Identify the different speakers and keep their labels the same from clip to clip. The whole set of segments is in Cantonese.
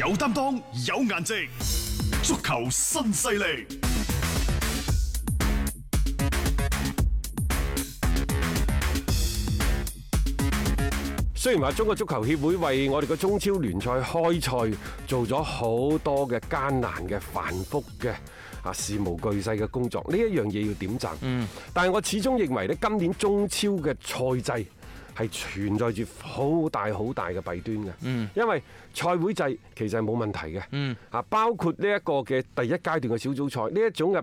Speaker 1: 有擔當，有顏值，足球新勢力。雖然話中國足球協會為我哋嘅中超聯賽開賽做咗好多嘅艱難嘅繁複嘅啊事無巨細嘅工作，呢一樣嘢要點讚。嗯，但係我始終認為咧，今年中超嘅賽制。係存在住好大好大嘅弊端嘅，嗯、因為賽會制其實係冇問題嘅，啊、嗯、包括呢一個嘅第一階段嘅小組賽呢一種嘅。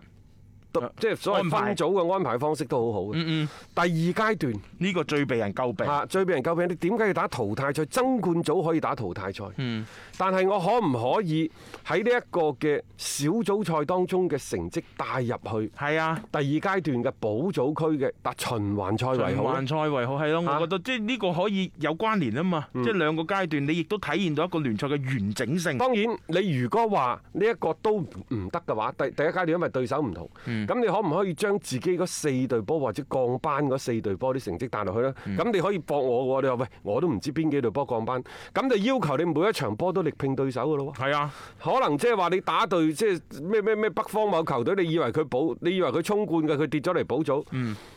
Speaker 1: 即係所謂分組嘅安排方式都好好、嗯。嗯嗯。第二階段呢個最被人詬病。嚇，最被人詬病。你點解要打淘汰賽？爭冠組可以打淘汰賽。嗯。但係我可唔可以喺呢一個嘅小組賽當中嘅成績帶入去？係啊。第二階段嘅保組區嘅，但循環賽為好。循環
Speaker 2: 賽為好係咯，我覺得即係呢個可以有關聯啊嘛。嗯、即係兩個
Speaker 1: 階段，你亦都體現到一個聯賽嘅完整性。嗯、當然，你如果話呢一個都唔得嘅話，第第一階段因為對手唔同。嗯咁、嗯、你可唔可以將自己嗰四隊波或者降班嗰四隊波啲成績彈落去呢？咁、嗯、你可以搏我喎，你話喂我都唔知邊幾隊波降班，咁就要求你每一場波都力拼對手噶咯喎。係啊，可能即係話你打對即係咩咩咩北方某球隊，你以為佢保，你以為佢衝冠嘅，佢跌咗嚟保組，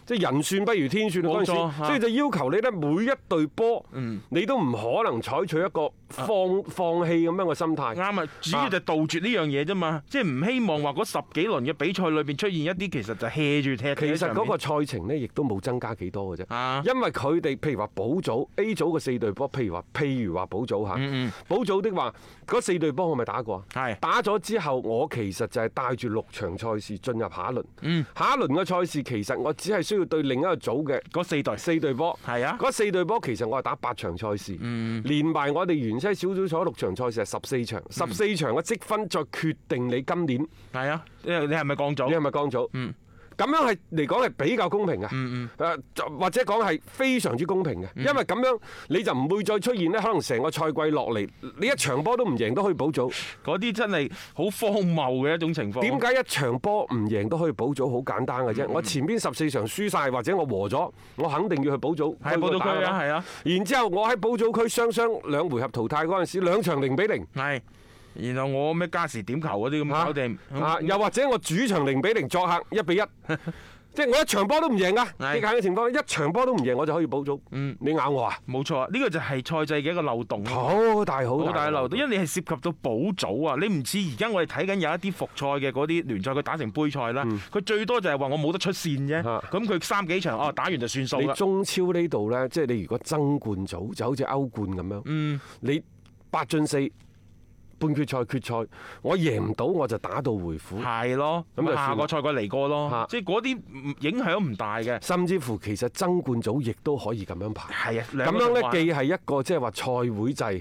Speaker 1: 即係、嗯、人算不如天算啊嗰陣時，所以就要求你咧每一隊波，啊、你都唔可能採取一個放放棄咁樣嘅心態。啱啊，主、啊、要就杜絕呢樣嘢啫嘛，即係唔
Speaker 2: 希望話嗰十幾輪嘅比賽裏邊出。出現一啲其實就 hea 住踢。其實嗰個
Speaker 1: 賽程呢，亦都冇增加幾多嘅啫。因為佢哋譬如話補組 A 組嘅四隊波，譬如話譬如話補組嚇，嗯嗯，補組的話嗰四隊波我咪打過啊。係打咗之後，我其實就係帶住六場賽事進入下一輪。嗯、下一輪嘅賽事其實我只係需要對另一個組嘅嗰四隊。四隊波係啊！嗰四隊波其實我係打八場賽事。嗯，連埋我哋原先小組賽六場賽事係十四場，十四場嘅積分再決定你今年。係啊！你你係咪降組？你係咪組，嗯，咁樣係嚟講係比較公平嘅，嗯，嗯嗯，誒，或者講係非常之公平嘅，因為咁樣你就唔會再出現咧，可能成個賽季落嚟，你一場波都唔贏都可以補組，嗰啲真係好荒謬嘅一種情況。點解一場波唔贏都可以補組？好簡單嘅啫，嗯、我前邊十四場輸晒或者我和咗，我肯定要去補組，去補到區啦，係啊。然之後我喺補組區雙雙兩回合淘汰嗰陣時，兩場零比零。係。然後我咩加時點球嗰啲咁搞掂，啊又或者我主場零比零作客一比一，即係我一場波都唔贏噶睇你下嘅情況，一場波都唔贏我就可以保組。嗯，你咬我啊？冇錯啊，呢個就係賽制嘅一個漏
Speaker 2: 洞，好大好大嘅漏洞，因為你係涉及到保組啊。你唔似而家我哋睇緊有一啲複賽嘅嗰啲聯賽，佢打成杯賽啦，佢最多就係話我冇得出線啫。咁佢三幾場哦，打完就算數啦。你
Speaker 1: 中超呢度咧，即係你如果爭冠組，就好似歐冠咁樣，你八進四。半決賽、決賽，我贏唔到我就打到回府。係
Speaker 2: 咯的，咁就下個賽季嚟過咯，的即係嗰啲影響唔
Speaker 1: 大嘅。甚至乎其實爭冠組亦都可以咁樣排。係啊的，咁樣咧既係一個即係話賽會制，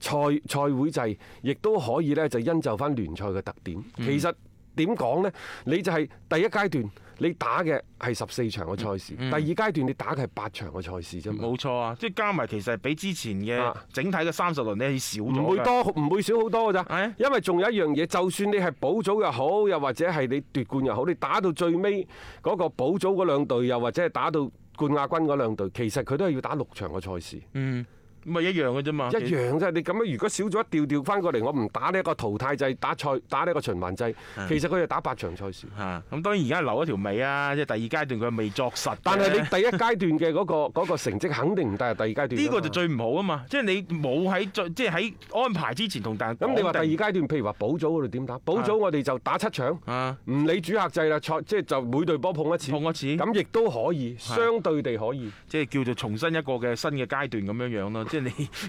Speaker 1: 賽賽、嗯、會制亦都可以咧就因就翻聯賽嘅特點。嗯、其實。點講呢？你就係第一階段，你打嘅係十四場嘅賽事；嗯、第二階段你打嘅係八場嘅賽事啫。冇錯啊！即係加埋，其實比之前嘅整體嘅三十輪，你係少咗。唔會多，唔會少好多咋，啊、因為仲有一樣嘢，就算你係保組又好，又或者係你奪冠又好，你打到最尾嗰個保組嗰兩隊，又或者係打到冠亞軍嗰兩隊，其實佢都係要打六場嘅賽事。嗯。咁咪一樣嘅啫嘛，一樣啫。你咁樣如果少咗一調調翻過嚟，我唔打呢一個淘汰制，打賽打呢一個循環制，的其實佢就打八場賽事。嚇，咁當然而家留一條尾啊，即係第二階段佢未作實。但係你第一階段嘅嗰、嗰個、 個成績肯定唔帶入第二階段呢個就
Speaker 2: 最唔好啊嘛，的即係你冇
Speaker 1: 喺即係喺安排之前同大，咁你話第二階段譬的如話保組嗰度點打？保組我哋就打七場，唔的理主客制啦，賽即係就每隊波碰一次，碰一次咁亦都可以，相對
Speaker 2: 地可以，即係叫做重新一個嘅新嘅階段咁樣樣咯。即係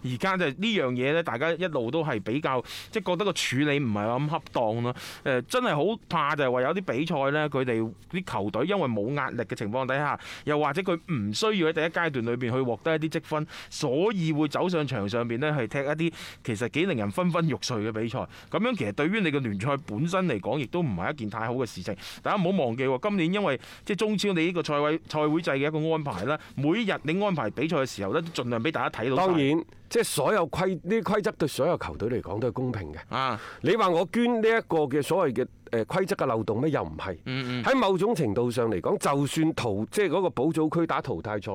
Speaker 2: 你而家就係呢樣嘢呢，大家一路都係比較即係覺得個處理唔係咁恰當咯。誒，真係好怕就係話有啲比賽呢，佢哋啲球隊因為冇壓力嘅情況底下，又或者佢唔需要喺第一階段裏邊去獲得一啲積分，所以會走上場上邊呢，去踢一啲其實幾令人昏昏欲睡嘅比賽。咁樣其實對於你嘅聯賽本身嚟講，亦都唔係一件太好嘅事情。大家唔好忘記喎，今年因為即係中超你呢個賽會賽會制嘅一個安排啦，每日你安排比賽嘅時候呢，都盡量俾大家睇到。當然。即
Speaker 1: 係所有規呢啲規則對所有球隊嚟講都係公平嘅。啊，你話我捐呢一個嘅所謂嘅誒規則嘅漏洞咩？又唔係。喺某種程度上嚟講，就算淘即係嗰個保組區打淘汰賽，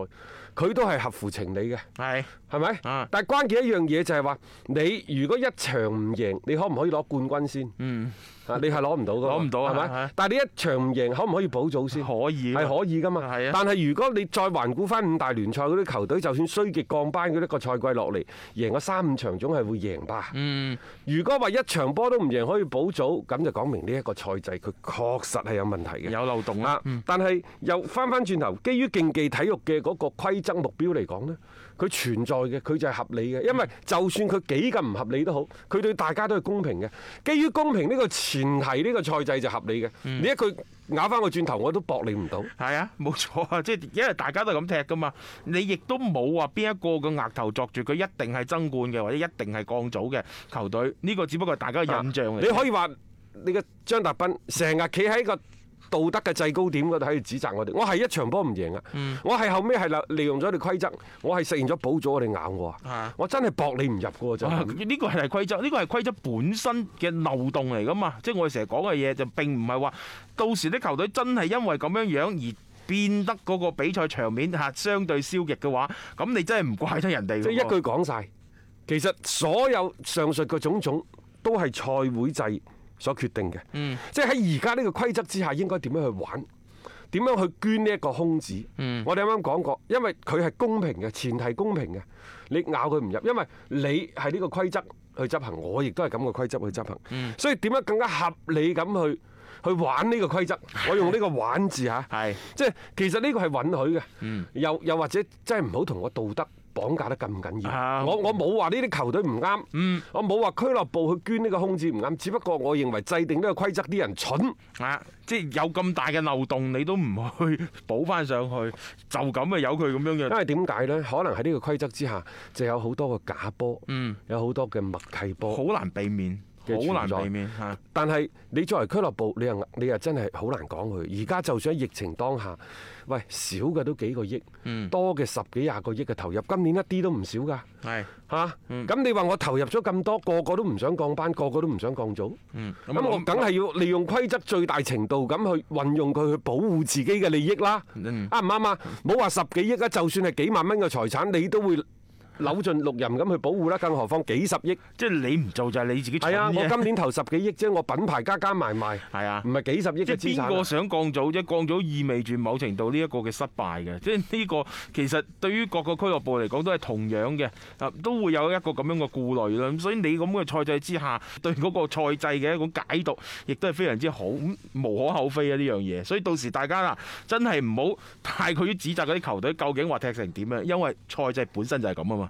Speaker 1: 佢都係合乎情理嘅是 吧。係。係咪？但係關鍵一樣嘢就係話，你如果一場唔贏，你可唔可以攞冠軍先？嗯。啊，你係攞唔到㗎。攞唔 到啊？係咪吧？ 但係你一場唔贏，可唔可以保組先？可以。係可以㗎嘛？係啊。但係如果你再環顧翻五大聯賽嗰啲球隊，就算衰極降班嗰一個賽季落嚟。贏個三五場總係會贏吧。嗯，如果話一場波都唔贏可以補組，咁就講明呢一個賽制佢確實係有問題嘅，有漏洞啦。但係又翻翻轉頭，基於競技體育嘅嗰個規則目標嚟講咧。佢存在嘅，佢就係合理嘅。因為就算佢幾咁唔合理都好，佢對大家都係公平嘅。基於公平呢個前提，呢個賽制就合理嘅。嗯、你一佢咬翻個轉頭，我都駁你唔到。係啊，冇錯啊，即係
Speaker 2: 因為大家都咁踢噶嘛。你亦都冇話邊一個個額頭作住，佢一定係爭冠嘅，
Speaker 1: 或者一定係降組嘅球隊。呢個只不過係大家嘅印象嚟。啊、你可以話你個張達斌成日企喺個。道德嘅制高點嗰度喺度指責我哋，我係一場波唔贏啊！嗯、我係後尾係利用咗你規則，我係實現咗補咗我哋咬是、啊、我啊！我真係駁你唔入嘅就呢個係
Speaker 2: 規則，呢個係規則本身嘅漏洞嚟噶嘛！即係我哋成日講嘅嘢就並唔係話到時啲球隊真係因為咁樣樣而變得嗰個比賽
Speaker 1: 場面嚇相對消極嘅話，咁你真係唔怪得人哋。即係一句講晒，其實所有上述嘅種種都係賽會制，所決定嘅，嗯、即係喺而家呢個規則之下，應該點樣去玩？點樣去捐呢一個空子？嗯、我哋啱啱講過，因為佢係公平嘅，前提公平嘅，你咬佢唔入，因為你係呢個規則去執行，我亦都係咁嘅規則去執行，嗯、所以點樣更加合理咁去去玩呢個規則？嗯、我用呢個玩字吓，係即係其實呢個係允許嘅，又、嗯、又或者真係唔好同我道德。講價得咁緊要？啊、我我冇話呢啲球隊唔啱，嗯、我冇話俱樂部去捐呢個空子唔啱，只不過我認為制定呢個規則啲人蠢，啊，即係有咁大嘅漏洞，你都唔去補翻上去，就咁啊由佢咁樣嘅，樣因為點解咧？可能喺呢個規則之下，就有好多個假波，嗯、有好多嘅默契波，好難避免。好難避免 但係你作為俱樂部，你又你又真係好難講佢。而家就算喺疫情當下，喂，少嘅都幾個億，嗯、多嘅十幾廿個億嘅投入，今年一啲都唔少噶，係嚇、嗯。咁、啊、你話我投入咗咁多，個個都唔想降班，個個都唔想降組，咁、嗯、我梗係要利用規則最大程度咁去運用佢去保護自己嘅利益啦。啱唔啱啊？唔好話十幾億啊，就算係幾萬蚊嘅財產，你都會。扭盡六壬咁去保護啦，更何況幾十億，即係你唔做就係你自己蠢啊。係啊，我今年投十幾億，即係我品牌加加埋埋。係啊，唔係幾十億嘅資產。邊個
Speaker 2: 想降組啫？降組意味住某程度呢一個嘅失敗嘅，即係呢個其實對於各個俱樂部嚟講都係同樣嘅，都會有一個咁樣嘅顧慮啦。所以你咁嘅賽制之下，對嗰個賽制嘅一個解讀，亦都係非常之好，咁無可厚非啊呢樣嘢。所以到時大家啊，真係唔好太過於指責嗰啲球隊究竟話踢成點啊，因為賽制本身就係咁啊嘛。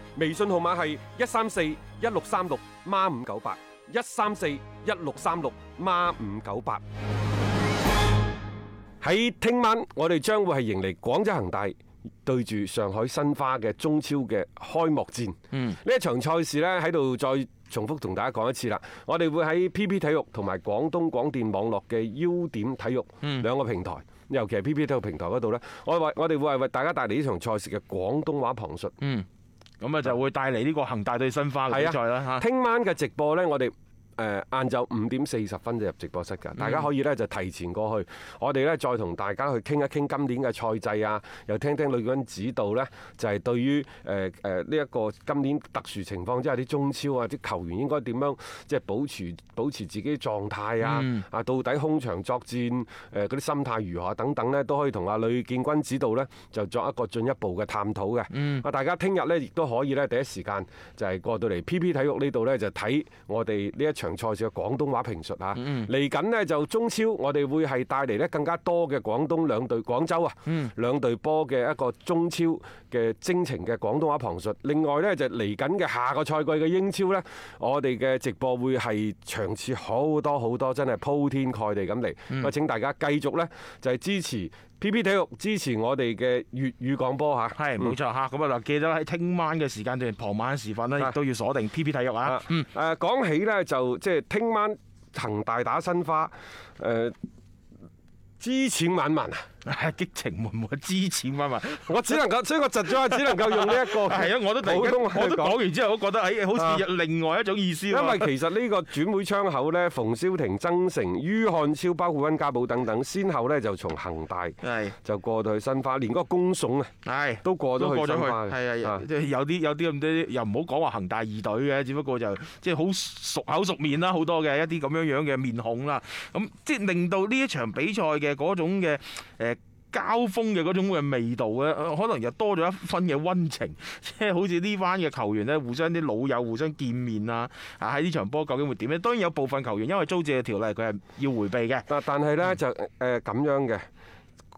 Speaker 1: 微信號碼係一三四一六三六孖五九八一三四一六三六孖五九八。喺聽晚，我哋將會係迎嚟廣州恒大對住上海申花嘅中超嘅開幕戰。嗯，呢一場賽事呢，喺度再重複同大家講一次啦。我哋會喺 PP 體育同埋廣東廣電網絡嘅 U 點體育兩個平台，尤其係 PP 體育平台嗰度呢，我哋會為為大家帶嚟呢場賽事嘅廣東話旁述。嗯。咁啊就會帶嚟呢個恒大對申花嘅比賽啦！嚇，聽晚嘅直播咧，我哋，誒晏晝五點四十分就入直播室㗎，大家可以呢，就提前過去，嗯、我哋呢，再同大家去傾一傾今年嘅賽制啊，又聽聽呂建軍指導呢，就係、是、對於誒誒呢一個今年特殊情況之下啲中超啊，啲球員應該點樣即係保持保持自己狀態啊，啊、嗯、到底空場作戰誒嗰啲心態如何等等呢，都可以同阿呂建軍指導呢，就作一個進一步嘅探討嘅。嗯、大家聽日呢，亦都可以呢，第一時間就係過到嚟 PP 體育呢度呢，就睇我哋呢一。場賽事嘅廣東話評述嚇，嚟緊咧就中超，我哋會係帶嚟咧更加多嘅廣東兩隊廣州啊，兩隊波嘅、嗯、一個中超嘅征程嘅廣東話旁述。另外咧就嚟緊嘅下個賽季嘅英超咧，我哋嘅直播會係場次好多好多，真係鋪天蓋地咁嚟。咁、嗯、請大家繼續呢就係支持。PP 體育支持我哋嘅粵語廣播嚇，係冇錯嚇。咁啊嗱，記得喺聽晚嘅時間段，傍晚時分咧，亦都要鎖定 PP 體育啊。誒的，講、嗯、起咧就即係聽晚恒大打申花，誒、呃，知錢萬萬啊！
Speaker 2: 激情滿滿，支持嘛嘛！
Speaker 1: 我只能夠，所以我窒咗只能夠用呢一個係啊！ 我都第我都講完之後我覺得，哎，好似另外一種意思，因為其實呢個轉會窗口呢，馮瀟霆、曾誠、于漢超、包括溫家寶等等，先後呢就從恒大就過到去申花，連嗰個公眾啊，都過咗去申花，係
Speaker 2: 即係有啲有啲咁多，又唔好講話恒大二隊嘅，只不過就即係好熟口熟面啦，好多嘅一啲咁樣樣嘅面孔啦。咁即係令到呢一場比賽嘅嗰種嘅誒。嗯交鋒嘅嗰種嘅味道咧，可能又多咗一分嘅溫情，即係好似呢班嘅球員咧，互相啲老友互相見面啊！啊，喺呢場波究竟會點呢？當然有部
Speaker 1: 分球員因為租借條例，佢係要迴避嘅。嗱，但係咧就誒咁樣嘅，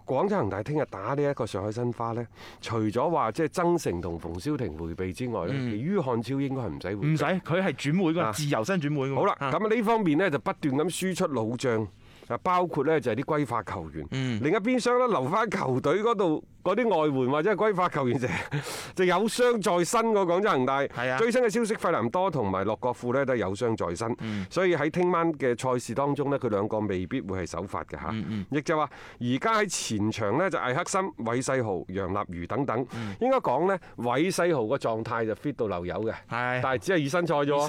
Speaker 1: 廣州恒大聽日打呢一個上海申花咧，除咗話即係曾誠同馮瀟霆迴避之外咧，而於漢超應該係唔使迴避。唔使，佢係轉會㗎，自由身轉會。好啦，咁啊呢方面呢，就不斷咁輸出老將。啊，包括呢，就係啲歸化球員，嗯、另一邊廂呢，留翻球隊嗰度嗰啲外援或者係歸化球員就係、 就有傷在身個廣州恒大。係啊，最新嘅消息，費南、啊、多同埋洛國富呢，都係有傷在身，所以喺聽晚嘅賽事當中呢，佢兩個未必會係首發嘅嚇。亦、嗯嗯、就話而家喺前場呢，就艾克森、韋世豪、楊立瑜等等，嗯、應該講呢，韋世豪個狀態就 fit 到漏油嘅，的
Speaker 2: 但係只係熱身賽咗，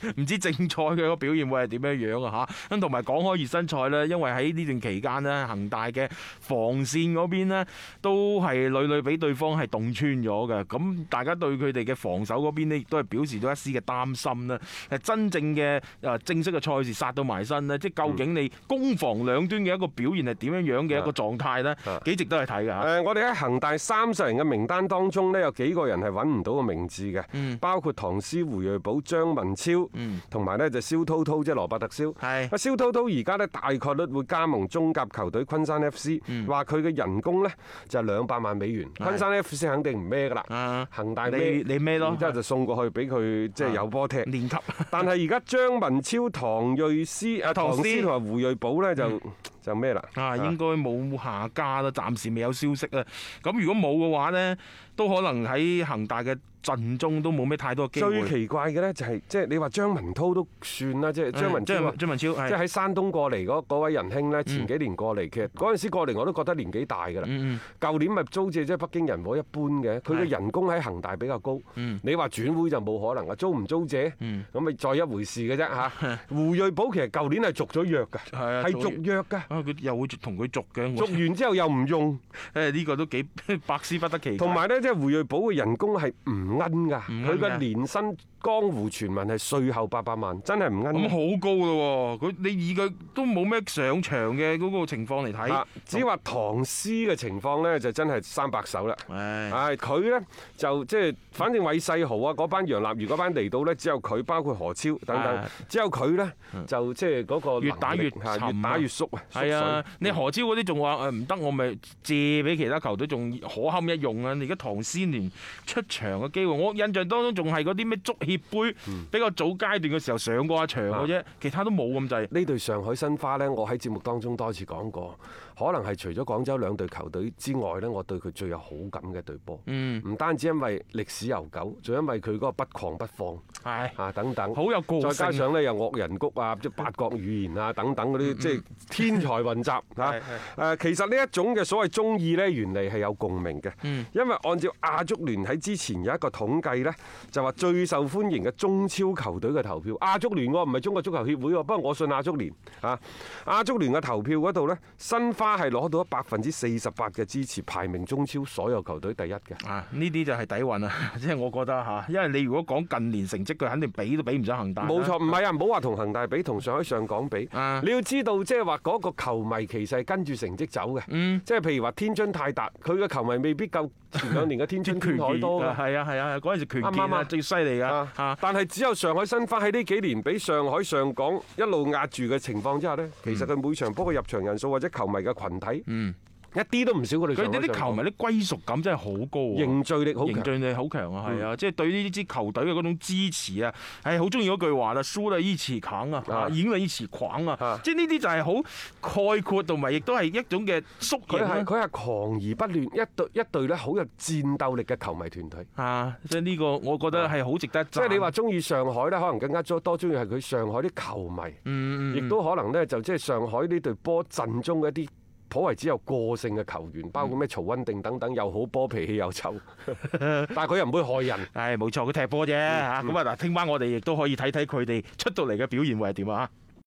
Speaker 2: 身唔知正賽佢個表現會係點樣講講樣啊嚇。咁同埋講開熱身賽，因為喺呢段期間咧，恒大嘅防線嗰邊都係屢屢俾對方係洞穿咗嘅。咁大家對佢哋嘅防守嗰邊亦都係表示咗一絲嘅擔心啦。誒，真正嘅誒正式嘅賽事殺到埋身咧，即係究竟你攻防兩端嘅一個表現係點樣樣嘅一個狀態咧？
Speaker 1: 幾、嗯、值得係睇嘅嚇。我哋喺恒大三十人嘅名單當中咧，有幾個人係揾唔到個名字嘅，包括唐詩、胡睿寶、張文超，同埋呢就蕭濤濤，即係羅伯特是·蕭。係。阿蕭濤濤而家咧大。確率會加盟中甲球隊昆山 FC，話佢嘅人工咧就係兩百萬美元。是的 昆山 FC 肯定唔咩㗎喇，啊恒大你你咩咯？然之後就送過去俾佢，的即係有波踢練級球。 但係而家張文超、唐瑞斯啊，唐詩同埋胡瑞寶咧、嗯、就。就咩啦？啊，應該冇下
Speaker 2: 家啦，暫時未有消息啊。咁如果冇嘅話咧，都可能喺恒大嘅
Speaker 1: 陣中都冇咩太多機會。最奇怪嘅咧就係，即係你話張文超都算啦，即係張文超，張文超，即係喺山東過嚟嗰嗰位仁兄咧，前幾年過嚟，其實嗰陣時過嚟我都覺得年紀大噶啦。嗯嗯。舊年咪租借即係北京人和一般嘅，佢嘅人工喺恒大比較高。嗯。你話轉會就冇可能啊？租唔租借？嗯。咁咪再一回事嘅啫嚇。胡瑞寶其實舊年係續咗約㗎，係續約㗎。佢又會同佢續嘅，續完之後又唔用，誒呢、哎這個都幾百思不得其解。同埋咧，即、就、係、是、胡瑞寶嘅人工係唔奀噶，佢嘅年薪江湖傳聞係稅後八百萬，真係唔奀。咁好高咯喎！佢你以佢都冇咩上場嘅嗰個情況嚟睇，只話唐詩嘅情況咧就真係三百首啦。誒喂，佢咧就即係反正韋世豪啊，嗰班楊立瑜嗰班嚟到咧，只有佢，包括何超等等，哎、呀只有佢咧就即係嗰個越打越沉，越打越縮啊！係啊！
Speaker 2: 你何超嗰啲仲話誒唔得，我咪借俾其他球隊，仲可堪一用啊！而家唐詩年出場嘅機會，我印象當中仲係嗰啲咩足協杯，比較早階段嘅時候上過一場
Speaker 1: 嘅啫，其他都冇咁滯。呢隊、啊、上海申花呢，我喺節目當中多次講過，可能係除咗廣州兩隊球隊之外呢，我對佢最有好感嘅隊波。唔、嗯、單止因為歷史悠久，仲因為佢嗰個不狂不放，係唉啊等等，好有個性。再加上呢，又惡人谷啊，即係八國語言啊等等嗰啲，即係天才 財運集嚇誒，其實呢一種嘅所謂中意呢，原嚟係有共鳴嘅。因為按照亞足聯喺之前有一個統計呢，就話最受歡迎嘅中超球隊嘅投票，亞足聯我唔係中國足球協會喎，不過我信亞足聯嚇。亞足聯嘅投票嗰度呢，申花係攞到百分之四十八嘅支持，排名中超所有球隊第一嘅。啊，呢啲就係底蘊啊！即係我
Speaker 2: 覺得嚇，因為你如果講近年成績，佢肯定比都比唔上恒大。冇錯，
Speaker 1: 唔係啊，唔好話同恒大比，同上海上港比。啊，你要知道即係話嗰個。球迷其實係跟住成績走嘅，即係、嗯、譬如話天津泰達，佢嘅球迷未必夠前兩年嘅天津 天海多㗎。 係啊係啊，嗰陣時權健啊媽最犀利㗎。吧 但係只有上海申花喺呢幾年俾上海上港一路壓住嘅情況之下呢，其實佢每場波嘅入場人數或者球迷嘅羣體，嗯一啲都唔少佢哋，佢啲啲球迷
Speaker 2: 啲歸屬感真係好高，凝聚力好，凝聚力好強啊！係啊，即係對呢支球隊嘅嗰種支持啊，係好中意嗰句話啦，輸啦一齊扛啊，
Speaker 1: 贏啦一齊狂啊！即係呢啲就係好概括同埋，亦都係一種嘅縮影。佢係佢係狂而不亂，一隊一隊咧好有戰鬥力嘅球迷團隊。啊，即係呢個，我覺得係好值得。即係你話中意上海咧，可能更加多多中意係佢上海啲球迷，亦都可能咧就即係上海呢隊波陣中嘅一啲。頗為只有個性嘅球員，包括咩曹贇定等等，又好波脾氣又臭，但係佢又唔會害人。
Speaker 2: 唉，冇錯，佢踢波啫嚇。咁啊嗱，聽晚我哋亦都可以睇睇佢哋出到嚟嘅表現會係點啊！